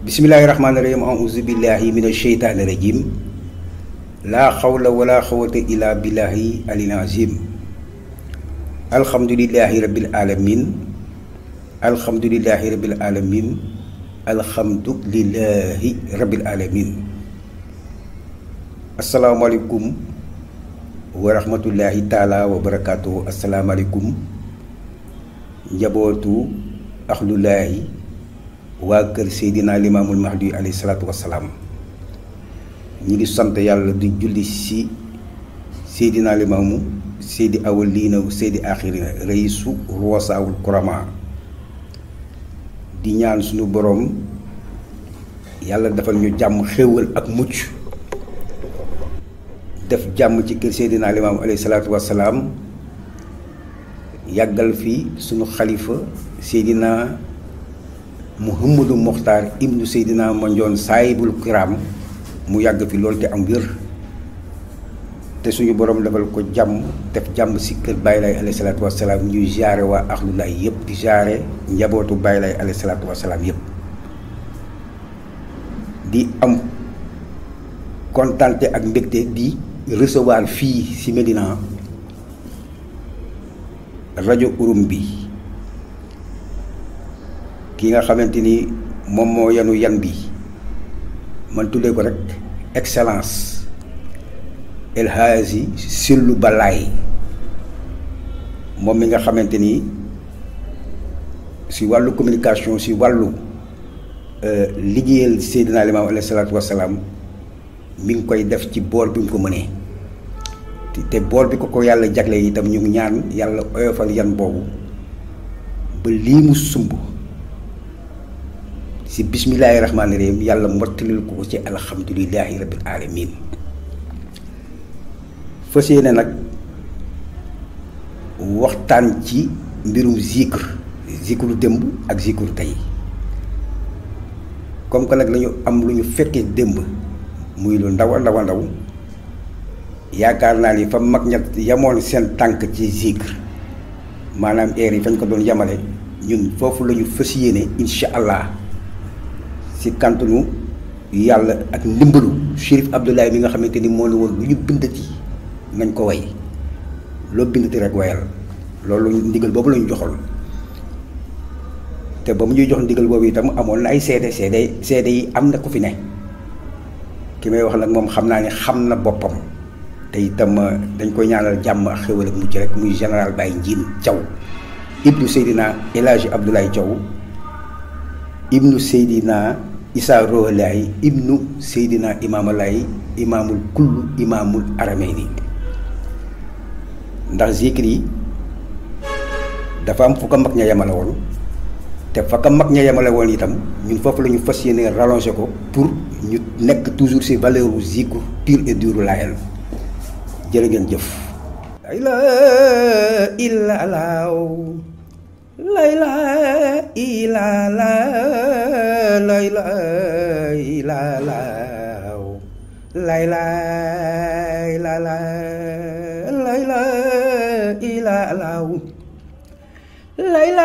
bismillahi rahmaani rahim auzu billahi min asheytaani rajim laa xawla wala xawata illa billahi alil azim alhamdulillahi rabbil alamin alhamdulillahi rabbil alamin alhamdulillahi rabbil alamin asalaamaaleykum wa rahmatullahi taala wa barakaatu asalaamaaleykum njabootu axlulaahi waa kër Seydina Limaamul Mahdi alayhi salaatu wassalaam ñu ngi sant yàlla di julli si Seydina Limaamu Seydi awwaliina Seydi aaxiriina rëyisu ruwasaawul kurama di ñaan suñu boroom yàlla defal ñu jàmm xéewal ak mucc def jàmm ci kër Seydina Limaamu alayhi salaatu wassalaam yàggal fi suñu xalifa Seydina Mouhamadou Mokhtar ibnu Seydina Mandione saayibul kiram mu yàgg fi loolu te am wér te suñu borom defal ko jàmm def jàmm si kër Baye Laye alayhi salaatu wa ñuy jaare waa axlu laay yëpp di jaare njabootu Baye Laye alayhi salaatu wa salaam yëpp di am kontante ak mbégte di recevoir fii ci Médina rajo Urum bi. ki nga xamante ni moom moo yanu yan bi man tuddee ko rek excellence El Hadji Syllou balaay moom mi nga xamante ni si wàllu communication si wàllu euh, liggéeyal Seydina Limaamu alayhi salaatu wasalaam mi ngi koy def ci boor bi mu ko mënee te boor bi ko ko yàlla jagle itam ñu ngi ñaan yàlla oyofal yan boobu ba lii mu sumb si bismillaahi rahmaani rahim yàlla mottalil ko ci alhamdulillahi rabbil alamin fës yéene nag waxtaan ci mbirum zikr zikru démb ak zikru tey comme que nag lañu am lu ñu fekkee démb muy lu ndaw a ndaw a ndaw yaakaar naa ni fa mag ñett yamoon seen tànk ci zikr maanaam eer yi fañ ko doon yamale ñun foofu la ñu fas yéene allah si kàntanu yàlla ak ndimbalu Chérif Abdoulaye mi nga xamante ni moo la woon lu ñu bindati nañ ko way loo bindati rek wayal loolu ndigal boobu lañu joxol te ba mu ñuy jox ndigal boobu itam amoon na ay seede seede seede yi am na ko fi ne ki may wax nag moom xam naa ne xam na boppam te itam euh, dañ koy ñaanal jàmm ak xéwal ak mucc rek muy général Baye Ndiine Thiaw ibnu Seydina El Hadji Abdoulaye Thiaw ibnu Seydina Isaa Ruholaayi ibnu Seydina Imaamalaayi imaamul kullu imaamul aramayni ndax zikir yi dafa am fu ko mag ña yemale woon te fa mag ña yemale woon itam ñun foofu lañu fas yéene rallongé ko pour ñu nekk toujours si valeurs u zikr pur laayal jërë ngeen jëf lay lay la i la law lay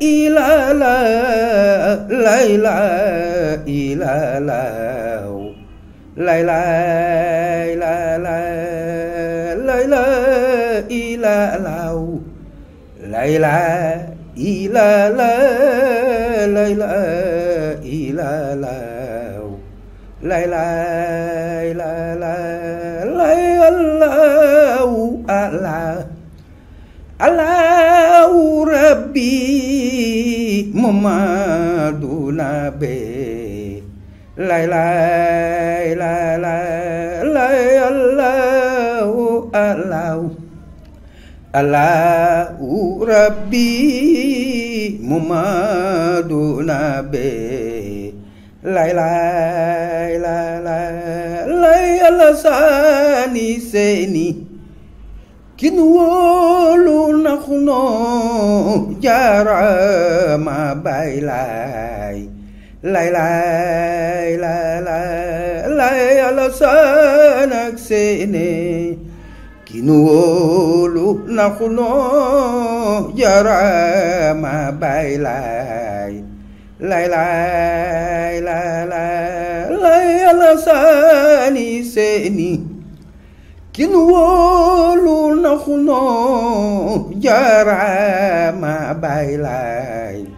i la law la la la la la la ila law la ila la la ila law la law ala alaw rabbi mamaduna be lay lay lay lay allahu allahu allahu rabbi mumaduna be lay lay lay lay lay alasani seni kin wóolu naxu noo jaarama bay lay lay lay lay lay yàlla seen ak seeni ki nu wóolu na xunoo jarama bay lay lay lay lay lay yàlla saani seeni ki nu wóolu na xunoo jarama bay lay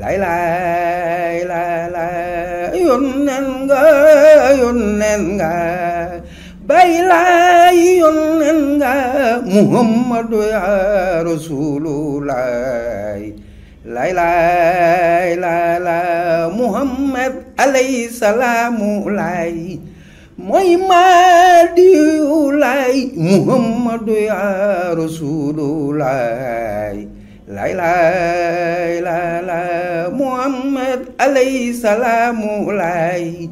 lay lay lay lay yónneen nga yónneen nga bay lay ya rasulullah lay lay muhammad alayhi salaamu lay ya rasulullah lay lay muhammad alayhi salaamu laay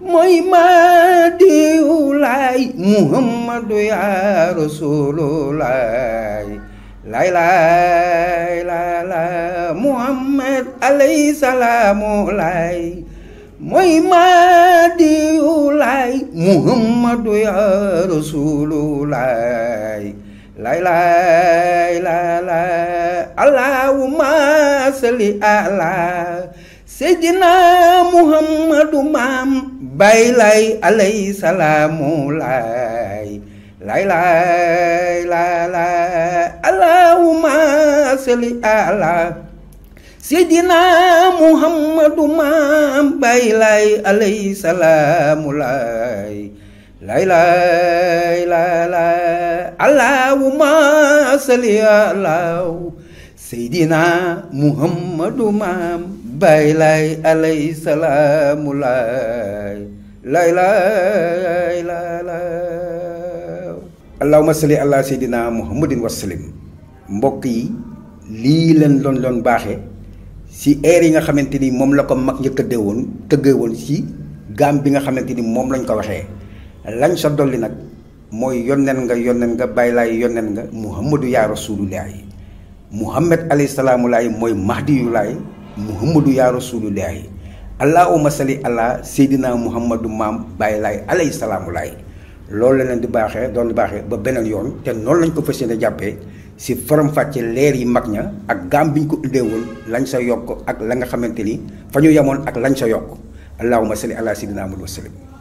mooy maadiwu laay muhammadu yaa rasulu laay laay laay laa laa muhammad alayhi salaamu laay mooy maadiwu lay lay la la allahumma salli ala sayyidina muhammadu maam bay lay alay salaamu lay lay lay la la allahumma salli ala sayyidina muhammadu maam bay lay alay salaamu lay lay lay lay lay allahumma salli seydina muhammadu maam lay alay salaamu lay lay lay lay lay allahumma salli ala seydina muhammadin wasalim mbokk yi lii leen doon doon baaxe si air yi nga xamante ni moom la ko mag ña tëddee woon tëggee woon si gaam bi nga xamante ni moom lañu ko waxee lañ sa dolli nag mooy yonneen nga yonneen nga bàyyi laay yonneen nga muhammadu yaa rasulullahi muhammad alayhi salaamu laay mooy mahdiyu laay muhammadu yaa rasulullahi allahumma salli ala seydina muhammadu maam bàyyi laay alayhi salaamu laay loolu la leen di baaxee doon di baaxee ba beneen yoon te noonu lañ ko fas yéene jàppee si faram-fàcce leer yi mag ña ak gaam bi ñu ko indeewoon lañ sa yokk ak la nga xamante ni fa ñu yemoon ak lañ sa yokk allahumma salli ala seydina muhammad wa sallim